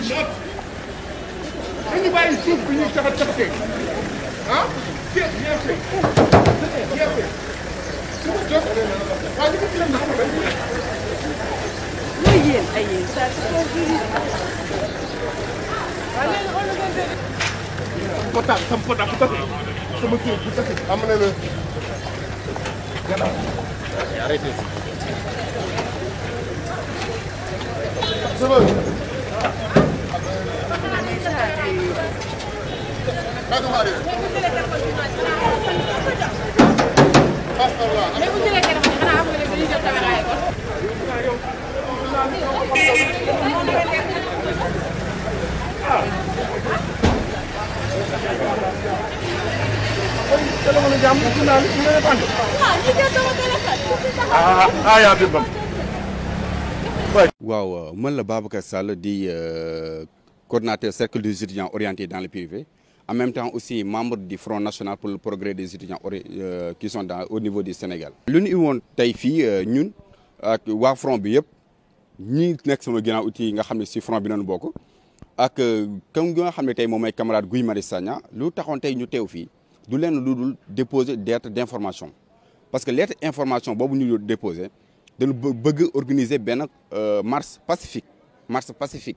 ñuy noot dañu bàyyi suuf bi ñuy taxa taxatee ah bien fait bien fait su ko jot waaye li ko jëlee naan rek. muy yéen ay yéen saa si kaw bi. waaye léegi on le fait. potaar sama potaar bu tase sama kii bu tase am na la gannaaw. arrêtez. C'est bon. waaw man la Babacar Sall di euh, coordinateur cercle des étudiants orientés dans le privé, en même temps aussi membre du Front National pour le Progrès des étudiants euh, qui sont au niveau du Sénégal. lu ñu euh, front bi ñi sama front euh, camarade Guy lu ñu déposer d'information parce que lettre information déposées, ñu déposé dañu organiser marche pacifique Mars pacifique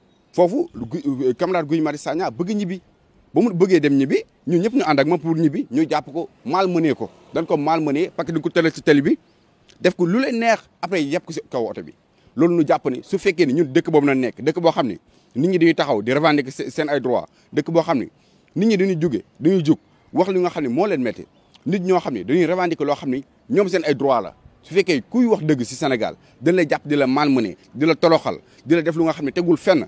foofu euh, camarade Guy Marius Sagna bëgg ñibbi ba mu bëggee dem ñibbi ñun ñëpp ñu ànd ak moom pour ñibbi ñu japp ko mal malmené ko dañ ko mal malmené parce que dañ ko tëral ci télé bi def ko lu leen neex après yëpp ko ci kaw auto bi loolu ñu japp ni su fekkee ni ñun dëkk bobu na nekk dëkk bo xamni nit ñi dañuy taxaw di revendiquer sen ay droit dëkk bo xamni nit ñi dañuy jóge dañuy jug wax li nga xamni mo leen metti nit ñoo xamni dañuy revendiquer lo xamni ñom sen ay droit la su fekkee kuy wax dëgg ci Sénégal dañ lay jàpp di la malmené di la toloxal di la def lu nga xam ne tegul fenn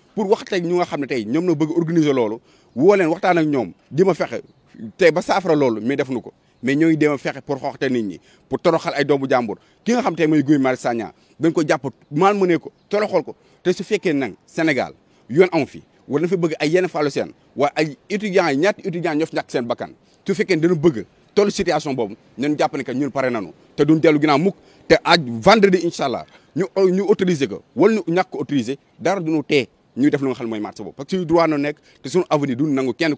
pour wax tey ñu nga xam ne tey ñoom na bëgg organiser loolu woo leen waxtaan ak ñoom di ma fexe tey ba saafara loolu mais def nu ko mais ñooy dem a fexe pour xooxte nit ñi pour toroxal ay doomu jàmbur ki nga xam tey mooy Guy Marius Sagna dañ ko jàpp maan mu ne ko toroxal ko te su fekkee nan Sénégal yoon amu fi war na bëgg ay yenn fàllu seen waaye ay étudiants yi ñaati étudiants ñoo ñàkk seen bakkan su fekkee ne dana bëgg tollu situation boobu ñun jàpp ne que ñun pare nañu te duñ dellu ginnaaw mukk te aaj incha allah ñu ñu autoriser ko wala ñàkk ko autoriser dara duñu tee ñuy def lu nga xam ne mooy marché boobu parce que suñu droit noonu nekk te suñu avenir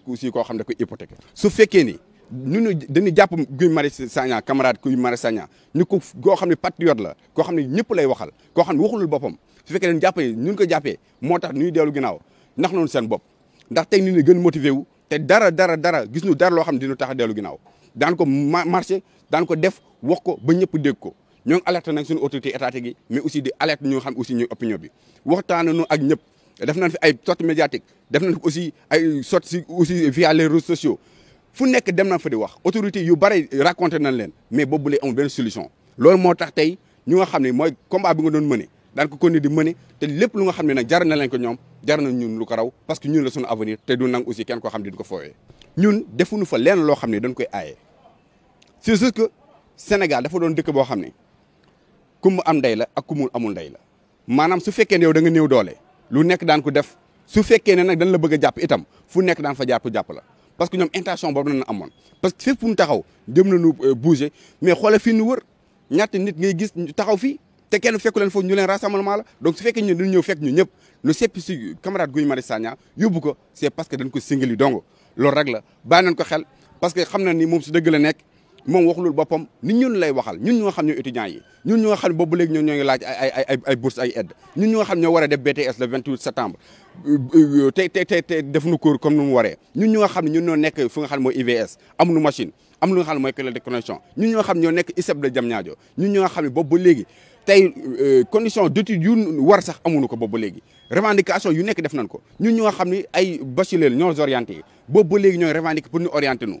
ku si koo xam ne koy hypothéqué su fekkee ni ñun dañuy jàpp Guy Marius Sagna camarade Guy Marius Sagna ñu ko xam ne patriote la koo xam ne ñëpp lay waxal koo xam ne waxulul boppam su fekkee dañ jàppee ñun ko jàppee moo tax ñuy dellu ginnaaw ndax noonu seen bopp ndax tey gën motivé wu te dara dara dara gis ñu dara loo xam ne dina tax a dellu ginnaaw daan ko marché daan ko def wax ko ba ñëpp dégg ko ñoo ngi alerte nag suñu autorité étatique yi mais aussi di alerte ñoo xam aussi ñuy opinion bi waxtaan nu ak ñëpp def nañ fi ay sorties médiatique def nañ aussi ay sorties aussi via les réseaux sociaux fu nek dem nañ fa di wax autorité yu bari raconter nañ leen mais bobu lay amul ben solution. loolu mo tax tay ñu nga xam ne combat bi nga doon mëne daan ko continuer di mëne te lepp lu nga xamni nak nag jar na leen ko ñoom jar na ñun lu ko raw parce que ñun la sun avenir te du nang aussi kenn ko xam di ko fooyee. ñun defu ñu fa leen lo xamni dañ koy ayé c'est juste que Sénégal dafa doon dëkk bo xamni kum am ndey la ak kumul amul ndey la manam su fekkene yow da nga néew doole lu nek daan ko def su fekke ne nak dañ la bëgg japp itam fu nek daan fa japp japp la parce que ñom intention bobu la amone parce que fepp fu mu taxaw jëm nañu euh, bouger mais xoolal fii nu wër ñatt nit ngay gis taxaw fi té kenn fekku leen foofu ñu len rassemblement la donc su fekke ñu dañu ñëw fekk ñu ñëpp lu seppi ci camarade Guy Mari Sagna yobbu ko c'est parce que dañ ko singali dongo lool rek la ba nañ ko xel parce que xamna ni mom su deug la nek moom waxulul boppam ni ñun lay waxal ñun ñu nga xam ne étudiants yi ñun ñu nga xam ne boobu léegi ñoo ñun ñu nga xam ne a def BTS le 28 septembre te te te te defuñu comme nu mu waree ñun ñu nga xam ne ñun ñoo nekk fu nga xam ne mooy IVS amuñu machine am lu nga xam ne mooy clé de connexion ñun ñu nga xam ne ñoo nekk ISEP de Diamniadio ñun ñu nga xam ne boobu ba léegi tey euh, condition d'étude yu war sax amuñu ko boobu ba léegi revendication yu nekk def nañ ko ñu nga xam ne ay bachelier ñoo orienté yi boobu ba léegi ñooy revendiqué pour ñu orienté nu